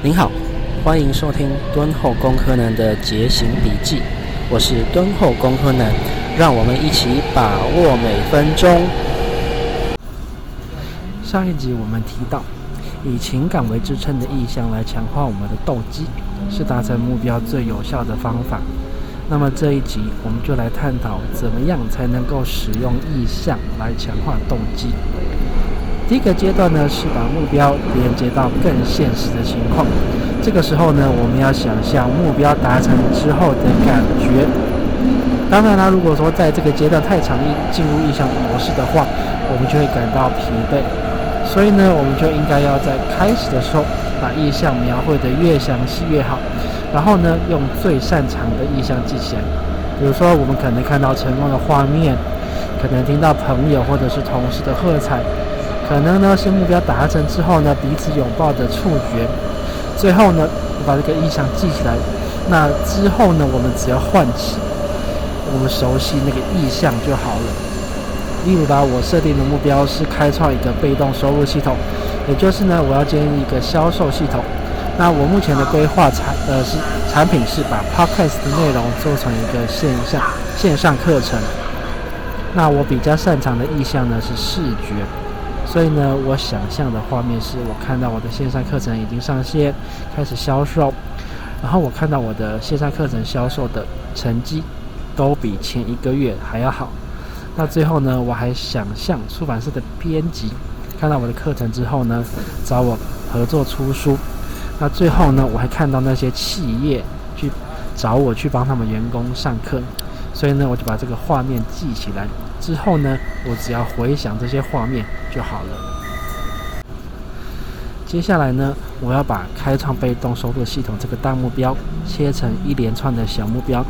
您好，歡迎收聽敦厚工科男的節行筆記，我是敦厚工科男，讓我們一起把握每分鐘。上一集我們提到，以情感為支撐的意象來強化我們的動機，是達成目標最有效的方法。那麼這一集我們就來探討，怎麼樣才能夠使用意象來強化動機。第一個階段呢，是把目標連接到更現實的情況。這個時候呢，我們要想象目標達成之後的感覺。當然啦，如果說在這個階段太長，進進入意象模式的話，我們就會感到疲憊。所以呢，我們就應該要在開始的時候把意象描繪得越詳細越好。然後呢，用最擅長的意象記起來。比如說，我們可能看到成功的畫面，可能聽到朋友或者是同事的喝彩。可能呢，是目標達成之後呢，彼此擁抱的觸覺。最後呢，我把這個意象記起來。那之後呢，我們只要喚起，我們熟悉那個意象就好了。例如吧，我設定的目標是開創一個被動收入系統，也就是呢，我要建立一個銷售系統。那我目前的規劃產呃，是產品是把 Podcast 的內容做成一個線上線上課程。那我比較擅長的意象呢，是視覺。所以呢，我想象的畫面是我看到我的線上課程已經上線，開始銷售，然後我看到我的線上課程銷售的成績，都比前一個月還要好。那最後呢，我還想象出版社的編輯看到我的課程之後呢，找我合作出書。那最後呢，我還看到那些企業去找我去幫他們員工上課。所以呢，我就把這個畫面記起來，之後呢，我只要回想這些畫面就好了。接下來呢，我要把“開創被動收入系統”這個大目標切成一連串的小目標，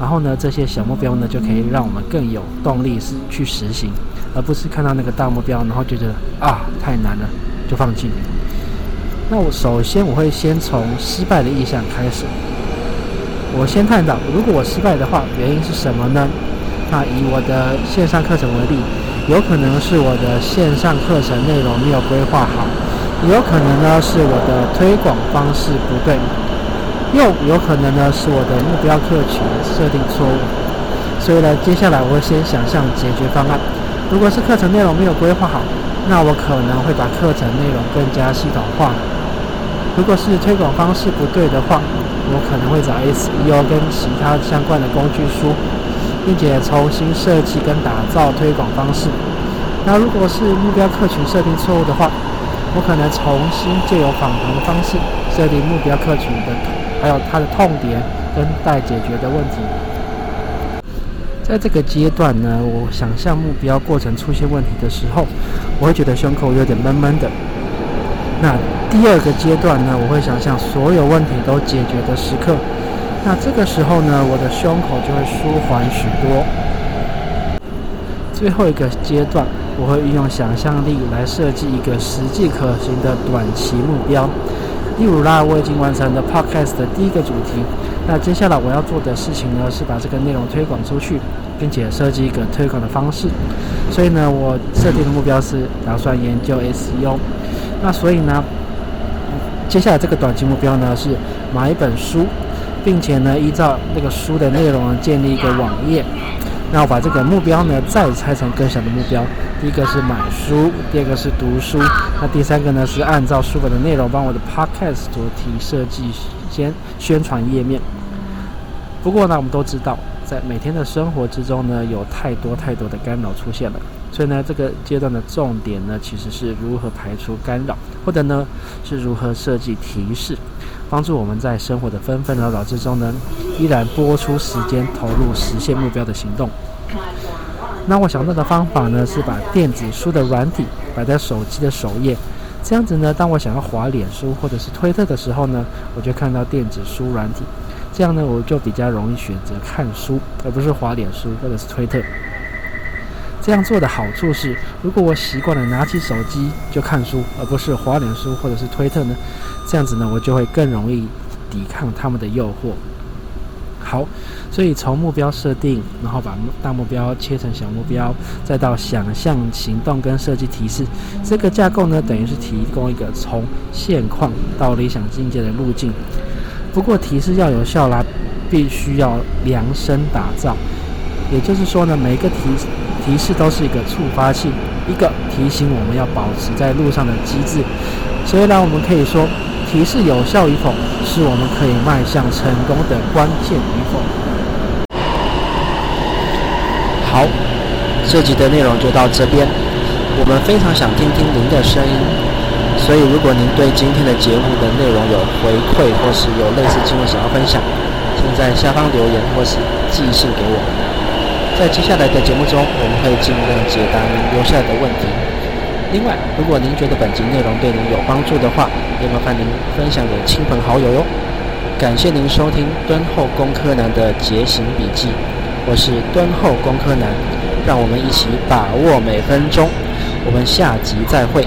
然後呢，這些小目標呢，就可以讓我們更有動力去實行，而不是看到那個大目標，然後覺得啊太難了，就放棄。那我首先我會先從失敗的意象開始。我先探討，如果我失敗的話，原因是什麼呢？那，以我的線上課程為例，有可能是我的線上課程內容沒有規劃好，有可能呢是我的推廣方式不對，又有可能呢是我的目標客群設定錯誤。所以呢，接下來我會先想象解決方案。如果是課程內容沒有規劃好，那我可能會把課程內容更加系統化。如果是推廣方式不對的話，我可能會找 SEO 跟其他相關的工具書，並且重新設計跟打造推廣方式。那如果是目標客群設定錯誤的話，我可能重新藉由訪談的方式設定目標客群的，還有他的痛點跟待解決的問題。在這個階段呢，我想象目標過程出現問題的時候，我會覺得胸口有點悶悶的。那第二個階段呢，我會想象所有問題都解決的時刻。那這個時候呢，我的胸口就會舒緩許多。最後一個階段，我會運用想象力來設計一個實際可行的短期目標。第五啦，我已經完成了 Podcast 的第一個主題。那接下來我要做的事情呢，是把這個內容推廣出去，並且設計一個推廣的方式。所以呢，我設定的目標是打算研究 SEO。那所以呢，接下來這個短期目標呢，是買一本書，並且呢依照那個書的內容建立一個網頁。那我把這個目標呢再拆成更小的目標：第一個是買書，第二個是讀書，那第三個呢是按照書本的內容幫我的 Podcast 主題設計先宣傳頁面。不過呢，我們都知道。在每天的生活之中呢，有太多太多的干擾出現了，所以呢，這個階段的重點呢，其實是如何排除干擾，或者呢，是如何設計提示，幫助我們在生活的紛紛擾擾之中呢，依然撥出時間投入實現目標的行動。那我想到的方法呢，是把電子書的軟體擺在手機的首頁，這樣子呢，當我想要滑臉書或者是推特的時候呢，我就看到電子書軟體。這樣呢，我就比較容易選擇看書，而不是滑臉書或者是推特。這樣做的好處是，如果我習慣了拿起手機就看書，而不是滑臉書或者是推特呢，這樣子呢，我就會更容易抵抗他們的誘惑。好，所以從目標設定，然後把大目標切成小目標，再到想象、行動跟設計提示，這個架構呢，等於是提供一個從現況到理想境界的路徑。不過提示要有效來，必須要量身打造。也就是說呢，每個提提示都是一個觸發器，一個提醒我們要保持在路上的機制。所以呢，我們可以說，提示有效與否，是我們可以邁向成功的關鍵與否。好，這集的內容就到這邊。我們非常想聽聽您的聲音。所以，如果您對今天的節目的內容有回饋，或是有類似經驗想要分享，請在下方留言或是寄信給我。在接下來的節目中，我們會盡量解答您留下來的問題。另外，如果您覺得本集內容對您有幫助的話，也麻煩您分享給親朋好友喲。感謝您收聽《敦厚工科男的節行筆記》，我是敦厚工科男。讓我們一起把握每分鐘。我們下集再會。